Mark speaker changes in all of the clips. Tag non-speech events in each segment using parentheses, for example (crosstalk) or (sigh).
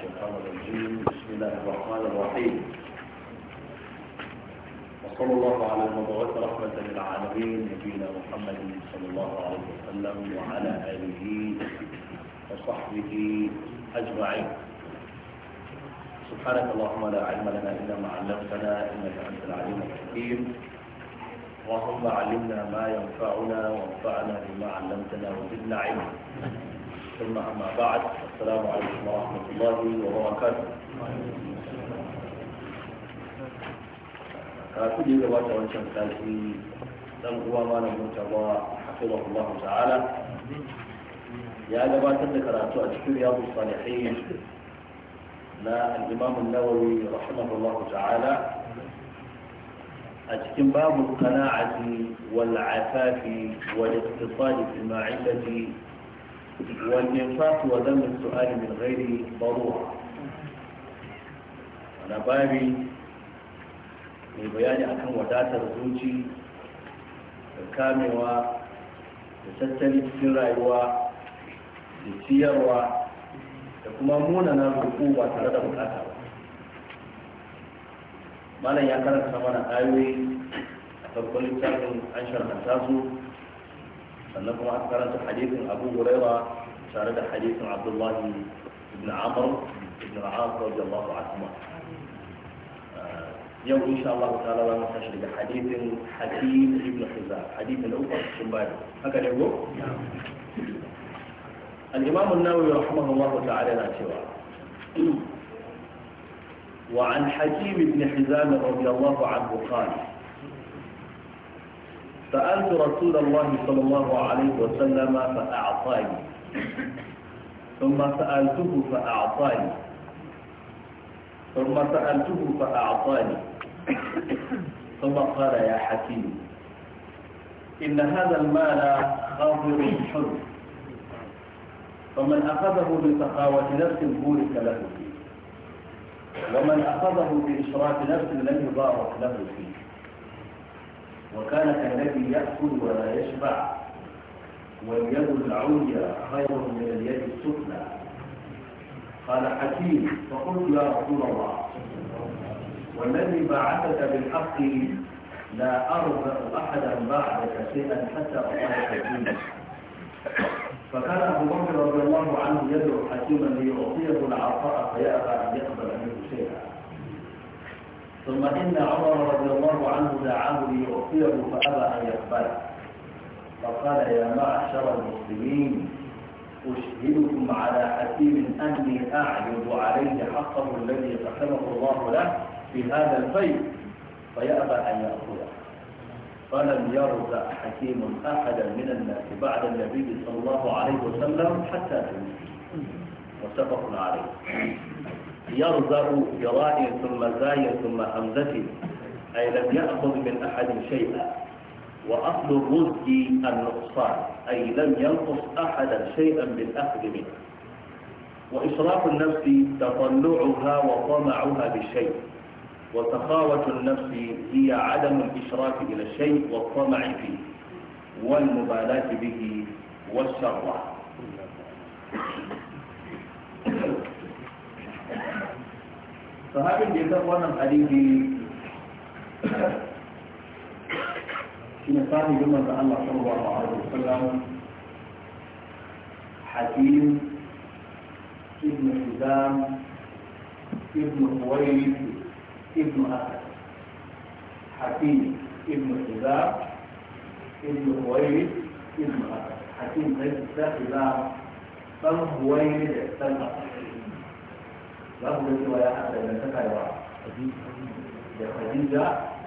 Speaker 1: الشيطان الرجيم بسم الله الرحمن الرحيم وصلى الله على المبعوث رحمة للعالمين نبينا محمد صلى الله عليه وسلم وعلى آله وصحبه أجمعين سبحانك اللهم لا علم لنا إلا ما علمتنا إنك أنت العليم الحكيم اللهم علمنا ما ينفعنا وانفعنا بما علمتنا وزدنا علما ثم أما بعد السلام عليكم ورحمة الله وبركاته كاتب الرواية وان شاء الله لم هو ما نموت الله حفظه الله تعالى يا جماعة تذكر أتو رياض الصالحين لا الإمام النووي رحمه الله تعالى أتكن باب القناعة والعفاف والاقتصاد في المعدة والإنفاق وذم السؤال من غير ضرورة أنا babi mai bayani akan wadatar zuci da kamewa da tattali cikin rayuwa da ciyarwa da kuma munana ruku ba tare da bukata ba malam ya karanta mana ayoyi a farkon littafin an sharhanta su sannan kuma aka karanta hadisin abu huraira tare da hadisin abdullahi ibn amr ibn al-as radiyallahu anhu yau insha Allah ta'ala za mu tashi daga hadisin hakim ibn hizam hadisin uku cikin bayan haka ne go al-imam an-nawawi rahimahullahu ta'ala na cewa وعن حكيم بن حزام رضي الله عنه قال سألت رسول الله صلى الله عليه وسلم فأعطاني ثم سألته فأعطاني ثم سألته فأعطاني ثم قال يا حكيم إن هذا المال خاطر حر فمن أخذه بسخاوة نفس بورك له فيه ومن أخذه بإشراف نفس لم يبارك له فيه وكان كالذي يأكل ولا يشبع واليد العليا خير من اليد السفلى قال حكيم فقلت يا رسول الله والذي بعثك بالحق لا أرضى أحدا بعدك شيئا حتى أطلع حكيم فكان أبو بكر رضي الله عنه يدعو حكيما ليعطيه العطاء فيأبى أن يقبل منه شيئا ثم إن عمر رضي الله عنه دعاه ليعطيه فأبى أن يقبله فقال يا معشر المسلمين أشهدكم على حكيم أني أعرض عليه حقه الذي قسمه الله له في هذا البيت فيأبى أن يأخذه فلم يرزع حكيم أحدا من الناس بعد النبي صلى الله عليه وسلم حتى تموت متفق عليه يرزق براء ثم زاي ثم همزة أي لم يأخذ من أحد شيئا
Speaker 2: وأصل الرزق النقصان أي لم ينقص أحدا شيئا بالأخذ منه وإشراف النفس
Speaker 1: تطلعها وطمعها بالشيء وسخاوة النفس هي عدم الإشراف إلى الشيء والطمع فيه والمبالاة به والشرع sahabin da ya kafa wannan hadisi shi ne sami bin manzan Allah sallallahu alaihi wasallam hakim ibn Hizam ibn Huwayd ibn Asad hakim ibn Hizam ibn Huwayd ibn Asad hakim zai ta Hizam dan Huwayd da dan Asad za ku ga cewa ya haɗa dangantaka da da Khadija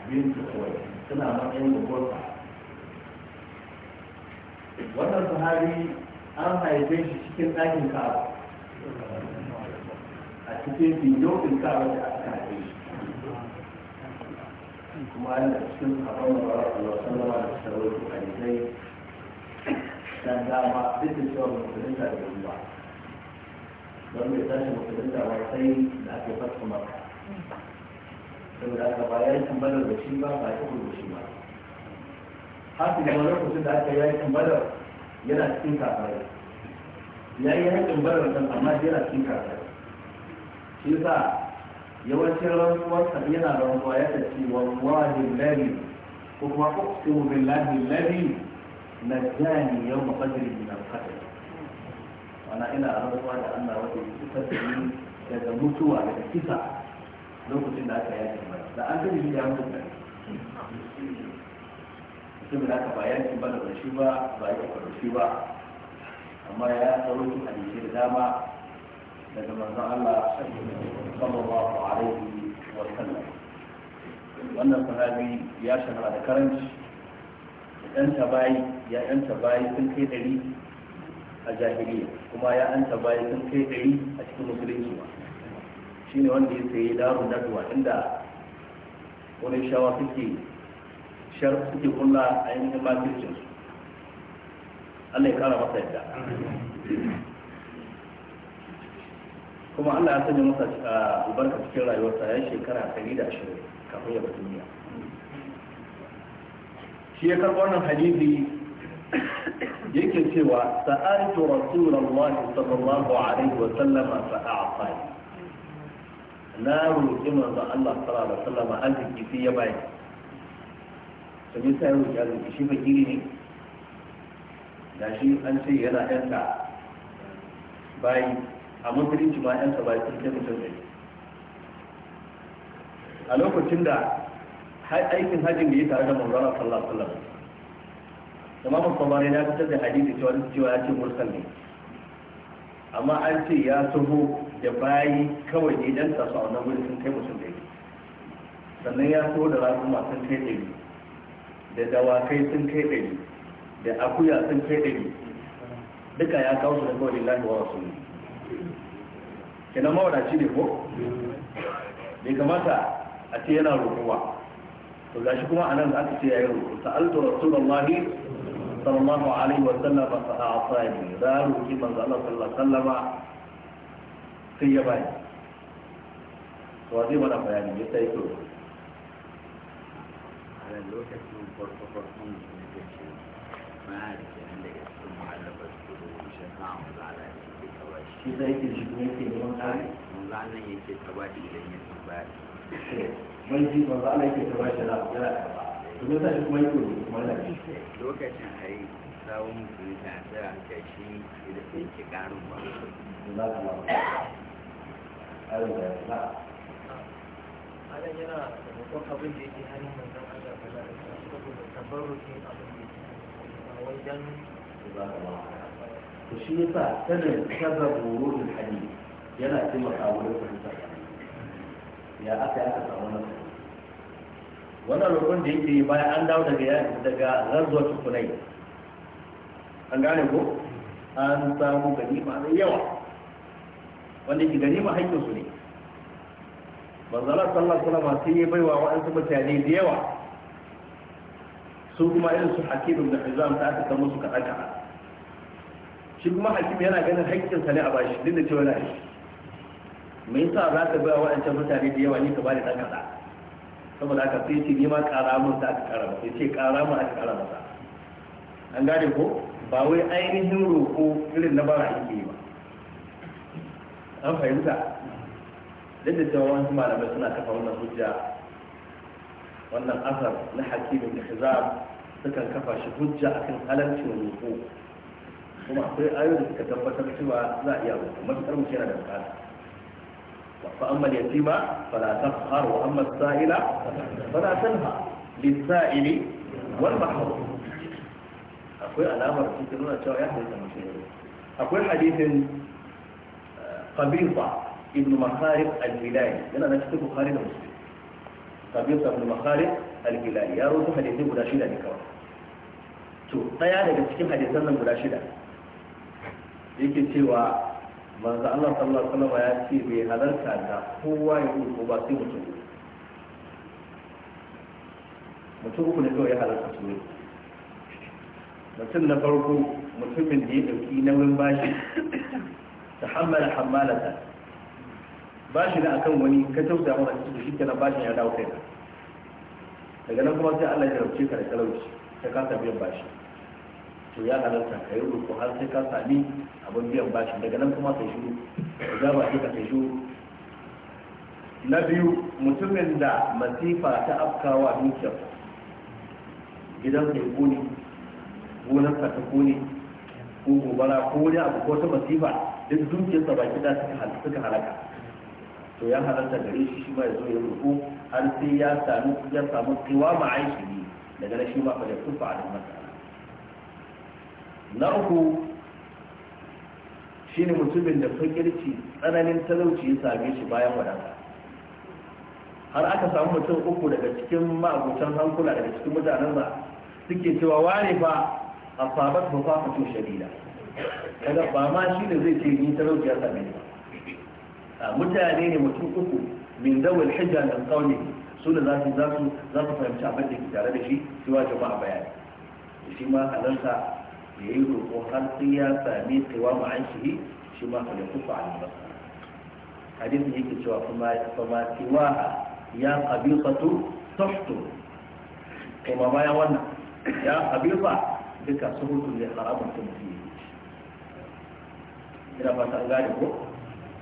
Speaker 1: bintu Khuwaylid suna matsayin gogorsa wannan sahabi an haife shi cikin ɗakin Ka'aba a cikin bindofin Ka'aba da aka haife shi kuma an da cikin abin da ba su wasu zama da sarautu a jisai dan dama duk da cewa musulunta da ruwa don mai tashi musulun da wai da ake fasa maka saboda aka ba tambalar da shi ba ba ya kuma shi ba hafi da wani lokacin da aka yi tambalar yana cikin kafare ya yi yayi tambalar kan amma yana cikin kafare shi sa yawancin rantsuwar sa yana rantsuwa ya tafi wallahi lari ko kuma kuma billahi lari najani yawm qadri min al-qadr ana ina rantsuwa da Allah wanda ya fitar da ni daga mutuwa daga kisa lokacin da aka yaki ba da an gani ya mutu ne su da aka ba yakin ba da shi ba ba yake shi ba amma ya tsaro a hadisi da dama daga manzon Allah sallallahu alaihi wa sallam wannan sahabi ya shahara da karanci da ɗanta bayi ya ɗanta bayi sun kai ɗari a jahiliya kuma ya an ta ya sun kai a cikin musulunci ba shi ne wanda ya sayi darun daduwa inda wani shawa suke shar suke kulla ainihin kirkin su Allah ya kara masa yadda kuma Allah ya sanya masa albarka cikin rayuwarsa ya shekara da ashirin kafin ya bata duniya shi ya karɓi wannan hadisi yake cewa sa'altu rasulullahi sallallahu alaihi wa sallam fa a'tani na roƙi manzo Allah sallallahu alaihi wa sallam arziki sai ya bai to me sai roƙi arziki shi fakiri ne da shi an ce yana yanka bayi a musulunci ma yanka bayi sun kai mutum ne a lokacin da aikin hajjin da ya tare da manzo Allah sallallahu alaihi wa sallam Tamamu kamar ya fitar da hadisi cewa cewa ya ce mursal ne amma an ce ya taho da bayi kawai ne dan sa su a wannan wurin sun kai mutum da sannan ya taho da raƙuma sun kai ɗari da dawakai sun kai ɗari da akuya sun kai ɗari duka ya kawo su da kawai lillahi wa rasulu kenan mawadaci ne ko bai kamata a ce yana roƙowa to gashi kuma anan aka ce yi roƙo sa'altu rasulullahi sallallahu alaihi wasallam fa a'tani da roki manzo Allah sallallahu alaihi wasallam sai ya bani to zai mana bayani ya sai to a lokacin farko farkon ne ke ce ba da kenan daga cikin muhallabar su shi ka amma zala ne ke kaba shi sai yake shi ne ke neman kare mun zanan yake kaba idan ya tambaya bai ji manzo Allah yake kaba shi da ya eh, kaba kuma sa kuma yi kuma kuma da lokacin a yi tsawon ta shi da ta karu ba za ka ba a yi da za a yana da abin da yake hannun yi abin
Speaker 2: da yake za ka ba
Speaker 1: shi yasa sanin kaza yana ya aka yi aka samu wannan roƙon da yake yi bayan an dawo daga daga zanzuwar tukunai an gane ko an samu ganima da yawa wanda ke ganima haƙƙin su ne manzala sallar suna masu yi baiwa waɗansu mutane da yawa su kuma irin su hakimin da hizam ta aka musu kaɗa kaɗa shi kuma hakim yana ganin sa ne a bashi duk da cewa na shi me yasa za ka baiwa waɗancan mutane da yawa ne ka ba da ɗan kaɗa saboda aka sai ce ni ma kara ta aka kara masa ce kara aka kara masa an gane ko ba wai ainihin roƙo irin na bara yake yi ba an fahimta duk da cewa wani malamai suna kafa wannan hujja wannan asar na hakimin da hizab sukan kafa shi hujja akan halarcin roƙo kuma akwai ayoyi da suka tabbatar cewa za a iya roƙo matuƙar mutum yana da buƙata فأما اليتيم فلا تفخر وأما السائل فلا تنهى للسائل والمحروم أقول الأمر في تنون أتشاء يحدث المشير أقول حديث قبيصة ابن مخارق الهلالي لأن أنا كتب بخاري مسلم قبيصة ابن مخارق الهلالي يا روح حديثين قد أشيد لك to daya daga cikin hadisan nan guda shida yake cewa manzo Allah sallallahu alaihi wasallam ya ce bai halarta da kowa ya ko ba sai mutum mutum uku ne kawai ya halarta su ne mutum na farko mutumin da ya dauki nauyin bashi ta hammala hammalata bashi na akan wani ka tausa mana cikin shi kenan bashin ya dawo kai daga nan kuma sai Allah ya rauce ka da talauci ta kasa biyan bashi to ya halarta ka yi ruku har sai ka sami abin biyan bashi daga nan kuma sai shiru ka za ba ka sai shiru na biyu mutumin da masifa ta afkawa dukiyar gidan sai kone gonarsa ta kone ko gobara ko wani abu ko ta masifa duk dukiyarsa baki da suka halaka to ya halarta gare shi shi ma ya zo ya ruku har sai ya samu ya samu kiwa ne daga nan shi ma fa da kufa a masa na uku shine mutumin da fakirci tsananin talauci ya same shi bayan wadata har aka samu mutum uku daga cikin ma'abutan hankula daga cikin mutanen ba suke cewa ware fa a sabat ba fa fito shadida kaga ba ma shi ne zai ce ni talauci ya same ni ba mutane ne mutum uku min dawal hijja da qawli su ne za su za su za su fahimci abin da ke tare da shi cewa jama'a bayani shi ma halarta ya yi roƙo har sai ya sami tsawa ma an shi shi ma ka da kufa a hadisi hadisin yake cewa kuma kuma tiwaha ya qabifatu tuhtu kuma bayan wannan ya qabifa duka suhutun da haramun tumfi ina fata an gane ko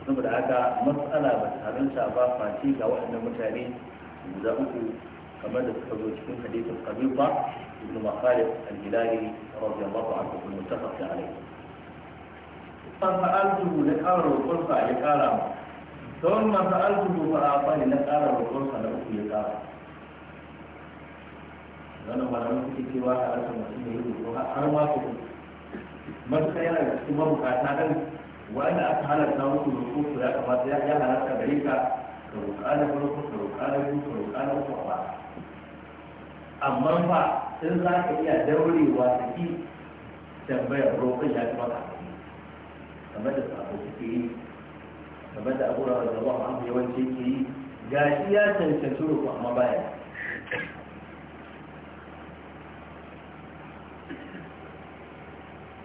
Speaker 1: saboda haka matsala ba ta halarta ba face ga waɗannan mutane guda uku kamar da suka zo cikin hadisin qabiba ibn makhalid al-hilali radiyallahu anhu bin mutafaq alayhi fa fa'altu da qara rukunsa ya qara don ma fa'altu fa afani na qara rukunsa da uku ya qara
Speaker 2: wannan malamin suke cewa halatta mutum ya yi har ma su
Speaker 1: matuƙa yana da cikin mabukata ɗan wanda aka halarta musu rukunsa ya kamata ya halarta gare ka ka roƙa farko ka roƙa na biyu ka roƙa uku ba amma fa in za ka iya daurewa da ki tambayar roƙon ya ci maka kamar da sabo suke yi kamar da abu rawar zama amma yawanci ke yi gashi ya cancanci roƙo amma baya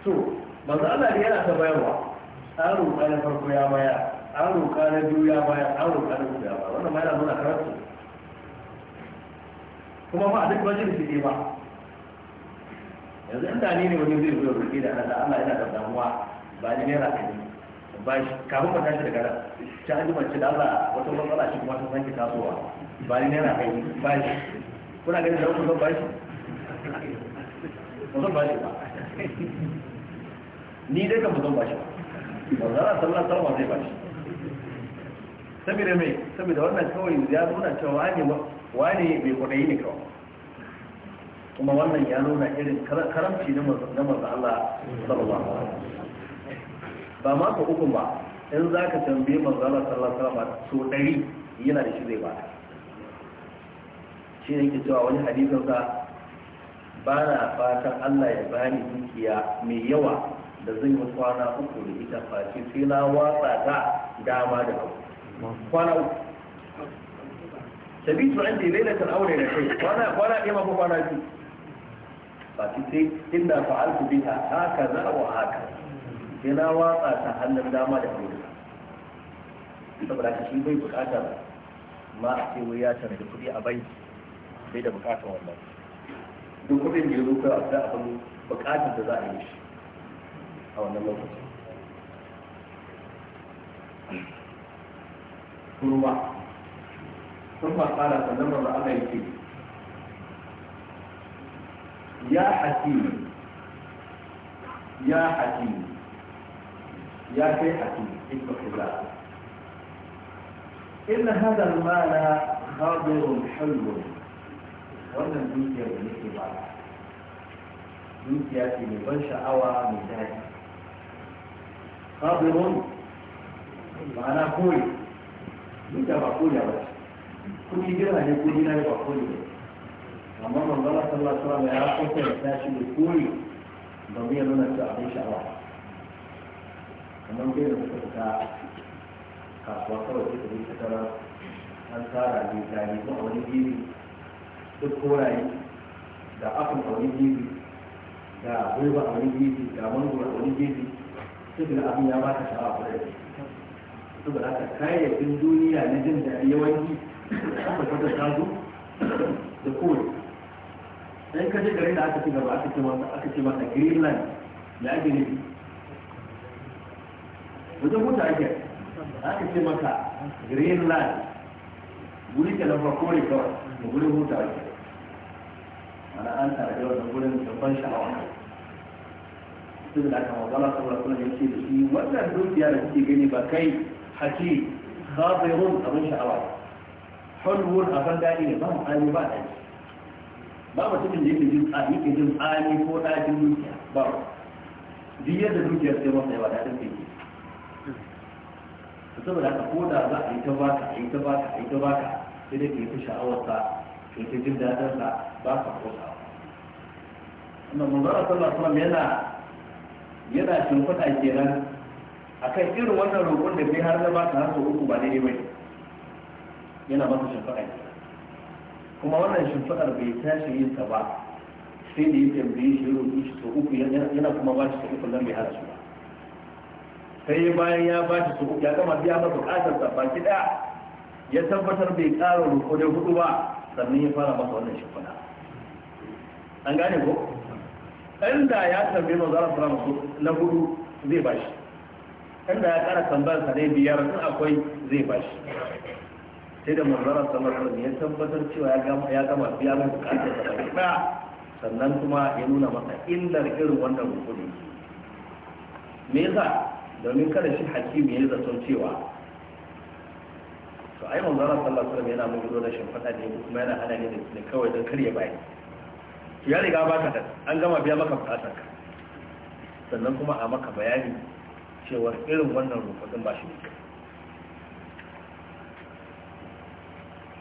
Speaker 1: to manzo Allah da yana ta bayarwa tsarin bayan farko ya baya an roƙa na juya baya an roƙa na juya baya wannan ma yana nuna karatu kuma ba a duk wajen da suke ba yanzu inda ni ne wajen zai zuwa roƙe da Allah Allah yana da damuwa ba ni naira kai ba shi kafin ba tashi daga nan ta an jima ce da Allah wata matsala shi kuma ta sanke tasowa ba ni naira ɗari ba shi kuna ganin da kuma ba shi
Speaker 2: ba zan ba shi ba
Speaker 1: ni dai kan ba zan ba shi ba ba za a sallar sallar zai ba shi saboda mai saboda wannan kawai ya nuna cewa wani mai kudai ne kawai kuma wannan ya nuna irin karamci na manzan Allah sallallahu ba ma ka hukun ba in za ka tambaye manzan Allah sallallahu alaihi so ɗari yana da shi zai ba shi ne ke cewa wani hadisin sa ba na fatan Allah ya bani dukiya mai yawa da zai yi kwana uku da ita face sai na watsa ta dama da hagu kwana uku sabitu an dai lailatul aure na kai kwana kwana ɗaya ma ko kwana biyu ba ki sai inda fa'altu biha haka za wa haka sai na watsa ta hannun dama da hannun saboda ka shi bai buƙatar ma a ce wai ya tanadi kuɗi a banki bai da buƙatar wannan duk kuɗin da ya zo kawai a abin buƙatar da za a yi shi a wannan lokacin kurma sun ba tsara sannan manzo Allah ya ce ya hakim ya hakim ya kai hakim ibnu khuzaa inna hadha al-mala khadirun hulwun wannan dukiyar da nake ba dukiya ce mai ban sha'awa mai daɗi khadirun ma'ana koyi duk da ba koya ba kudi jira ne kudi na ba koya ba amma manzala sallallahu alaihi wasallam ya kofa da tashi da koyi domin ya nuna cewa abin sha'awa kamar bai da suka fita kasuwa kawai suka yi tattara an tara ne tare ko a wani gini duk koraye
Speaker 2: da afin a wani gini
Speaker 1: da gwiwa a wani gini da mangoro a wani gini
Speaker 2: suka abin ya ba ta sha'awa kwarai saboda haka kayayyakin
Speaker 1: duniya na jin daɗi yawanci an ba tazo da kowace sai ka je garin da aka ci gaba aka ce masa aka ce masa greenland ya ake nufi wajen huta ake aka ce maka greenland wuri ke nan farko kawai da wurin huta ake mana an tare da wurin da ban sha'awa sun da aka magana saboda kuma yake da shi wannan dukiya da kuke gani ba kai hakim khabirun abin sha'awa a ban daɗi ne ba tsani ba ɗaci ba mutumin da yake jin tsani ko ɗacin dukiya ba duk yadda dukiyar sai masa yawa daɗin sai ke saboda haka ko da za a yi ta baka a yi ta baka a yi ta baka sai dai ke ta sha'awarsa ke ta jin daɗinsa ba ka kosa
Speaker 2: amma manzara sallallahu alaihi
Speaker 1: yana yana shimfiɗa kenan akan irin wannan roƙon da bai har zama ta hasu uku ba daidai bai yana masa shimfiɗa kuma wannan shimfiɗar bai tashi yin ta ba sai da ya tambaye shi roƙi shi sau uku yana kuma ba shi sau uku zan bai har su ba sai bayan ya ba shi ta uku ya gama biya ba buƙatar sa baki ɗaya ya tabbatar bai ƙara roƙo da hudu ba sannan ya fara masa wannan shimfiɗa an gane ko ɗan da ya tambaye manzara sura na hudu zai ba shi inda ya kara tambayar sa biyar in akwai zai bashi sai da manzara sallallahu alaihi ya tabbatar cewa ya gama ya gama biya mai bukatar da bai sannan kuma ya nuna masa illar irin wannan rukuni me yasa domin kada shi hakimi ya zato cewa to ai manzara sallallahu alaihi wasallam yana mugudo da shimfada ne kuma yana hana ne da kawai don karya bayi to ya riga baka da an gama biya maka bukatar ka sannan kuma a maka bayani cewar irin wannan rufaɗin ba shi ne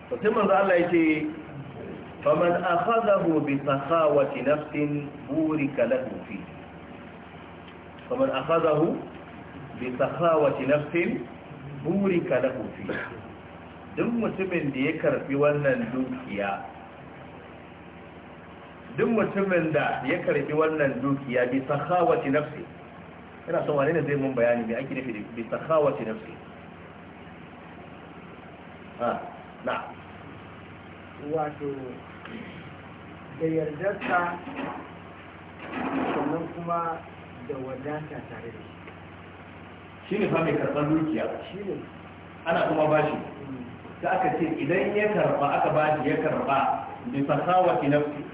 Speaker 1: sai manzo Allah yake faman akhadahu bi sakhawati nafsin burika lahu fi faman akhadahu bi sakhawati nafsin burika lahu fi duk mutumin da ya karfi wannan dukiya duk mutumin da ya karfi wannan dukiya bi sakhawati nafsin ina son wane ne zai mun bayani mai ake nufi bi sakhawa na nafsi ha na
Speaker 2: wato da yardarsa sannan kuma da wadata tare da
Speaker 1: shi shi ne fa mai karɓar dukiya shi ne ana kuma bashi ta mm. aka ce idan ya karɓa aka shi ya karɓa bi sakhawa na nafsi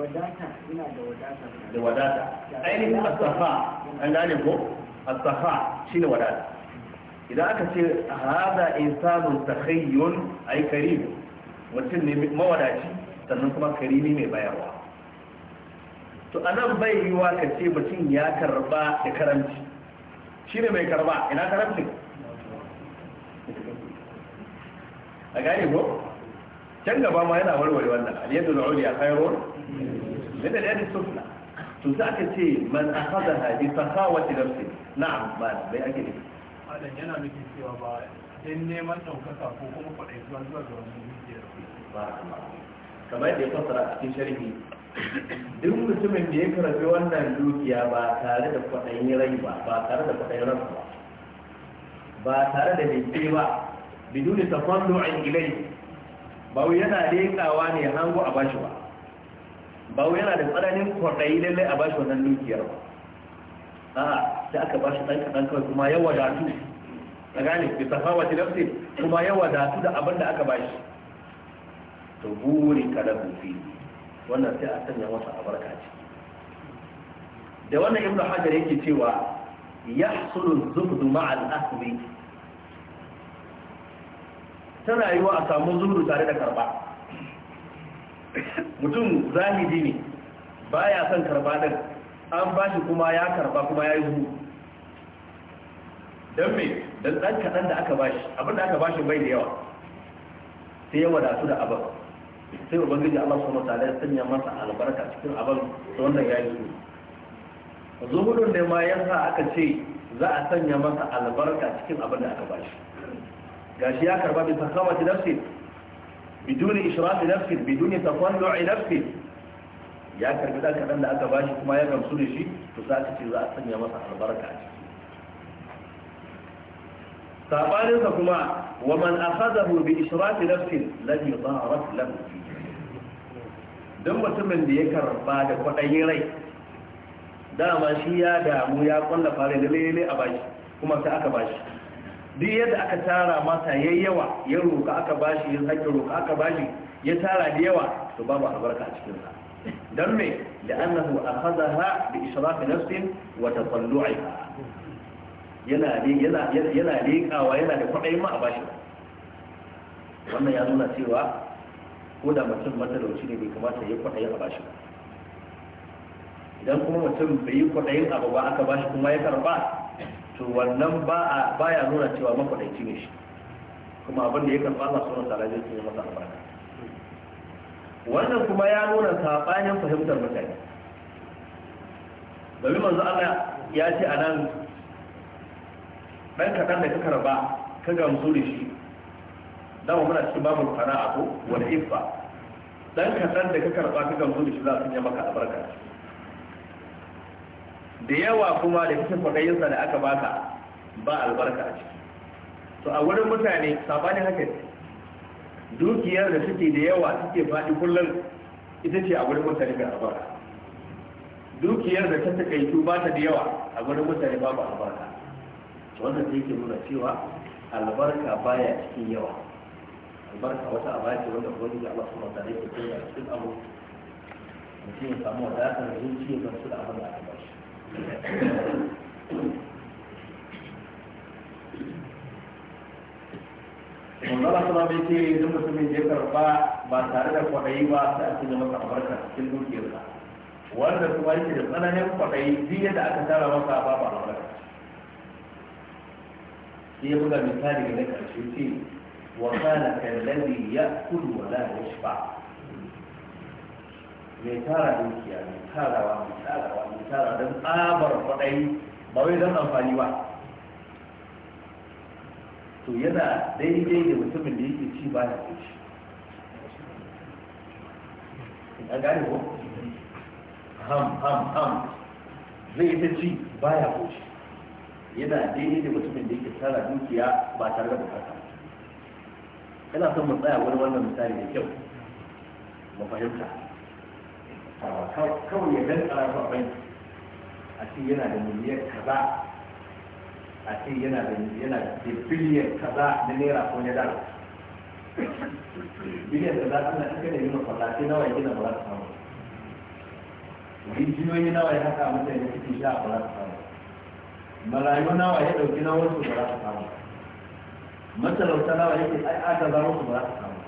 Speaker 2: wadata ina da wadata ainihin asafa an gane ko
Speaker 1: asafa shine wadata idan aka ce hada insanun takhayyun ay karim mutum ne mawadaci sannan kuma karimi mai bayarwa to anan bai yiwa ka ce mutum ya karba da karanci shine mai karba ina karanci a gane ko can gaba ma yana warware wannan al yadu al-uliya khairun من الآن don neman ɗaukaka ko kuma zuwa ga kamar ya a cikin sharhi duk mutumin da ya karbi wannan dukiya ba tare da kwaɗayin rai ba ba tare da kwaɗayin rai ba ba tare da leke ba da yana leƙawa ne hango a bashi ba ba wai yana da tsananin kwaɗayi lallai a bashi wannan dukiyar ba a da aka bashi ɗan kaɗan kawai kuma ya wadatu a gane bi safa wace nafsi kuma ya wadatu da abin da aka bashi to buri ka da bufi wannan sai a sanya masa albarka ce da wannan ibnu hajar yake cewa yahsulu zubdu ma'al asbi tana yiwa a samu zubdu tare da karba mutum zahidi ne ya son karba ɗin an ba shi kuma ya karba kuma ya yi zuwa don me don ɗan kaɗan da aka bashi abin da aka bashi bai da yawa sai da wadatu da abin sai ubangiji Allah su wataala ya sanya masa albarka cikin abin da wanda ya yi zuwa zuhudun ne ma sa aka ce za a sanya masa albarka cikin abin da aka bashi gashi ya karba bisa kawai nafsi بدون إشراف نفسك بدون تطلع نفسك ya karbi dan kadan da aka bashi kuma ya gamsu da shi to za ce za a sanya masa albarka a ciki sabanin kuma wa man akhadahu bi israfi nafsin lam yudarat lahu dan mutumin da ya karba da kwadayin rai dama shi ya damu ya kwalla fare da lele a bashi kuma sai aka bashi duk yadda aka tara mata ya yawa ya roka aka bashi ya sake roka aka bashi ya tara da yawa to babu albarka a cikin sa dan me la'annahu akhadha bi israfi nafsin wa tatallu'iha yana ne yana yana leƙawa yana da kwaɗayin ma a bashi wannan ya nuna cewa ko da mutum matalauci ne bai kamata ya kwaɗayin a bashi idan kuma mutum bai yi kwaɗayin abu ba aka bashi kuma ya karba to wannan ba ya nuna cewa makwadaici ne shi kuma abin da ya karɓa Allah sunan ta'ala zai tsaye masa albarka wannan kuma ya nuna saɓanin fahimtar mutane domin manzo Allah ya ce a nan ɗan kaɗan da ka karba ka gamsu da shi mu muna cikin babu fara'a ko wani ifa ɗan kaɗan da ka karba ka gamsu da shi za su yi maka albarka da yawa kuma da cikin kwaɗayensa da aka baka ba albarka a ciki to a wurin mutane sabanin haka dukiyar da suke da yawa suke faɗi kullum ita ce a wurin mutane ga albarka dukiyar da ta takaitu ba ta da yawa a wurin mutane ba ba albarka
Speaker 2: wannan sai ke nuna cewa albarka baya cikin yawa albarka wata abaya ce wanda wani yake Allah subhanahu wa ta'ala yake a cikin abu
Speaker 1: mutum ya samu wadatar zuciya don su da abin da aka bashi
Speaker 2: Allah
Speaker 1: sama bai ce idan mutumin ya karba ba tare da kwaɗayi ba sai a cinye masa albarka cikin dukiyarsa wanda kuma yake da tsananin kwaɗayi duk yadda aka tara maka ba ba albarka sai ya buga misali ga na ƙarshe ce wa kana kallazi ya kudu wa la yashfa mai tara dukiya mai tarawa mai tarawa mai tara don tsabar kwaɗayi ba wai don amfani ba to yana daidai da mutumin da yake ci ba ya ci a gane ko ham ham ham zai ta ci ba ya ci yana daidai da mutumin da yake tara dukiya ba tare da bukata yana son mu tsaya wani wannan misali da kyau mu fahimta kawai ya dan tsara ba banki a ce yana da miliyan kaza a ce yana da yana da biliyan kaza na naira ko na dala
Speaker 2: (coughs) biliyan da za a na cikin da yi makwala sai nawa ya gina ba za su samu rijiyoyi nawa ya haka mutane suke sha ba za su samu
Speaker 1: marayu nawa ya ɗauki na wasu ba za su samu matalauta nawa yake aka zama su ba za su samu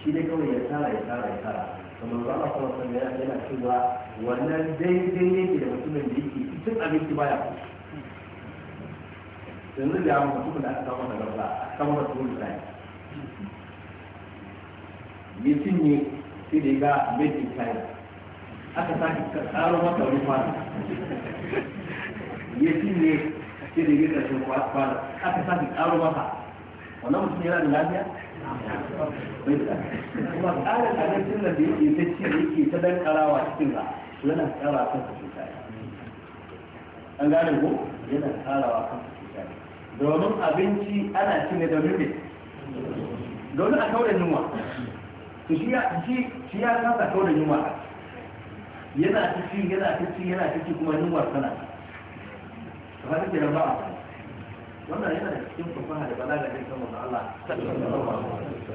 Speaker 1: shi ne kawai ya tara ya tara ya tara kamar ba a kuma sanda yana cewa wannan daidai yake da mutumin da yake cikin abinci baya yanzu da yawon mutumin da aka kama da gaba a kama da tuwon da yi. cinye sai da ya ga mekin kayan aka sake karo mata wani fara ya cinye sai da ya ga ƙarshen fara aka sake karo mata wannan mutum yana da lafiya kuma tsarin abincin nan da yake ta ci yake ta dan karawa cikin ba yana kara kan su cuta an gane ko yana karawa kan su cuta domin abinci ana ci ne domin ne domin a kauda yunwa to shi ya shi ya kasa yunwa yana ta ci yana ta ci yana ta ci kuma yunwa tana ta fata ke ba a
Speaker 2: wannan yana da cikin fasaha da balaga din kan manzo Allah sallallahu alaihi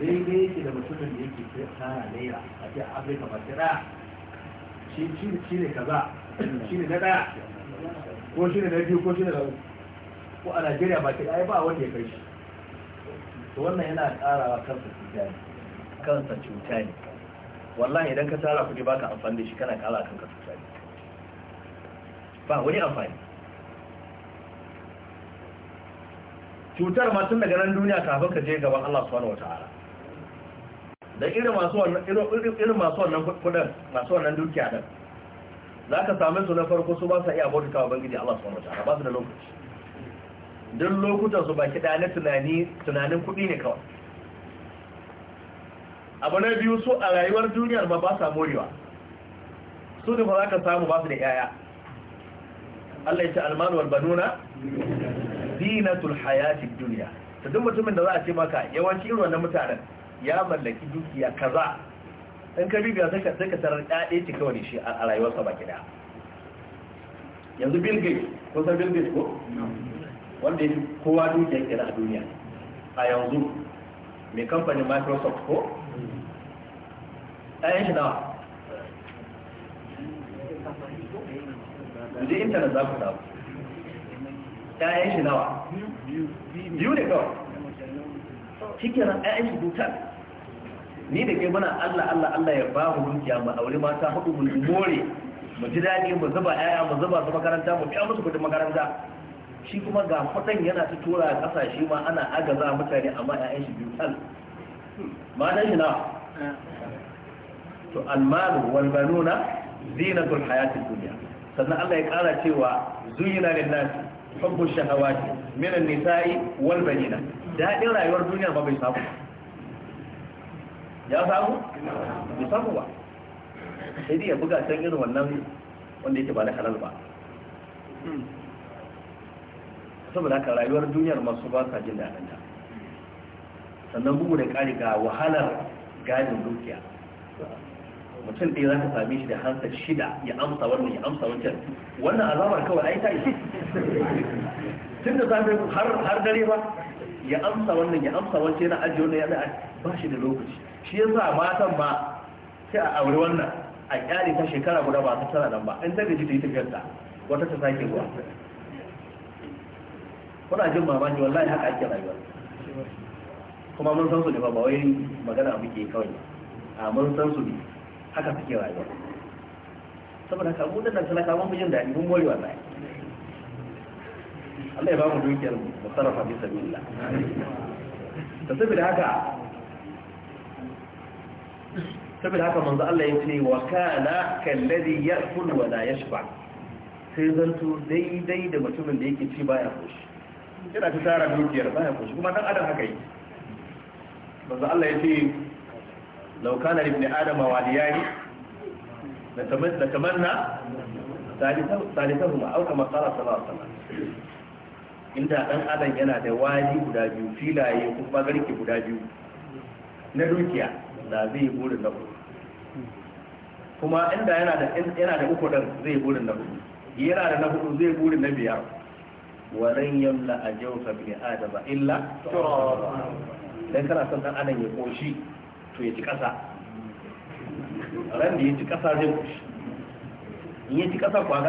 Speaker 2: dai
Speaker 1: to yake da mutumin da yake sai tsara naira a ce Afirka ba kira shi shi shi ne kaza shi ne na daya ko shi ne na biyu ko shi ne na uku ko a Najeriya ba kira ba wanda ya kai shi to wannan yana karawa kansa cuta ne kansa cuta ne wallahi idan ka tara kuɗi baka amfani da shi kana kara kanka cuta ne ba wani amfani cutar masu daga nan duniya kafin ka je gaban Allah subhanahu wataala da irin masu wannan irin masu wannan kudin masu wannan dukiya din zaka same su na farko su ba sa iya bautawa wa bangiji Allah subhanahu wataala ba su da lokaci duk lokutan su baki da na tunani tunanin kudi ne kawai abu na biyu su a rayuwar duniyar ba ba sa morewa su ne ba za ka samu ba su da yaya Allah ya ce almanu banuna zinatul hayatid dunya to duk mutumin da za a ce maka yawanci irin wannan mutanen ya mallaki dukiya kaza in ka bibiya sai ka sai ka tarar dade ce kawai shi a rayuwarsa baki da yanzu Bill Gates ko san Bill Gates ko wanda ya kowa dukiya ke a duniya a yanzu mai kamfanin Microsoft ko ɗayan shi nawa
Speaker 2: Yanzu intanet za ku samu ƴaƴan shi nawa
Speaker 1: biyu ne kawai shikenan ƴaƴan shi dutar ni da kai mana Allah Allah Allah ya ba mu dukiya mu aure mata hudu mu more mu ji daɗi mu zuba ƴaƴa mu zuba su makaranta mu biya musu kuɗin makaranta shi kuma ga kuɗin yana ta tura a ƙasashe ma ana agaza mutane amma ƴaƴan shi biyu tal ma dan shi nawa to almalu wal banuna zinatul hayatid dunya sannan Allah ya ƙara cewa zuyina lin nasi hubbu shahawati min an-nisa'i wal banina dadin rayuwar duniya ba bai samu ya samu bai samu ba sai dai ya buga san irin wannan wanda yake ba na halal ba saboda haka rayuwar duniyar masu ba sa jin daɗin sannan bugu da ƙari ga wahalar gadin dukiya mutum ɗaya za ka sami shi da hansar shida ya amsa wannan ya amsa wancan wannan alamar kawai ai ta isi tun da safe har dare ba ya amsa wannan ya amsa wancan yana ajiye wannan yana ba shi da lokaci shi yasa matan ma sai a aure wannan a kyale ta shekara guda ba ta tara nan ba in ta gaji ta yi wata ta sake zuwa kuna jin mamaki wallahi haka ake rayuwa kuma mun san su ne ba wai magana muke kawai a mun san su ne haka suke rayuwa saboda haka abu da nan talaka mun jin daɗi mun morewa ba Allah ya ba mu dukiyar mu sarrafa bi sabilillah to saboda haka saboda haka manzo Allah ya ce wa kana kalladhi ya'kul wa la yashba sai zanto daidai da mutumin da yake ci baya koshi yana ta tara dukiyar baya koshi kuma dan adam haka yi manzo Allah ya ce لو كان لابن آدم واليان لتمنى ثالثهما أو كما قال صلى الله عليه وسلم inda ɗan adam yana da wali guda biyu filaye ko bagarki guda biyu na dukiya da zai yi burin na hudu kuma inda yana da uku ɗan zai yi burin na hudu yana da na hudu zai burin na biyar walan yamla a jawfa bi adama illa dan kana son ɗan adam ya koshi to ya ci ƙasa ran da ya ci ƙasa zai in ya ci ƙasa kwa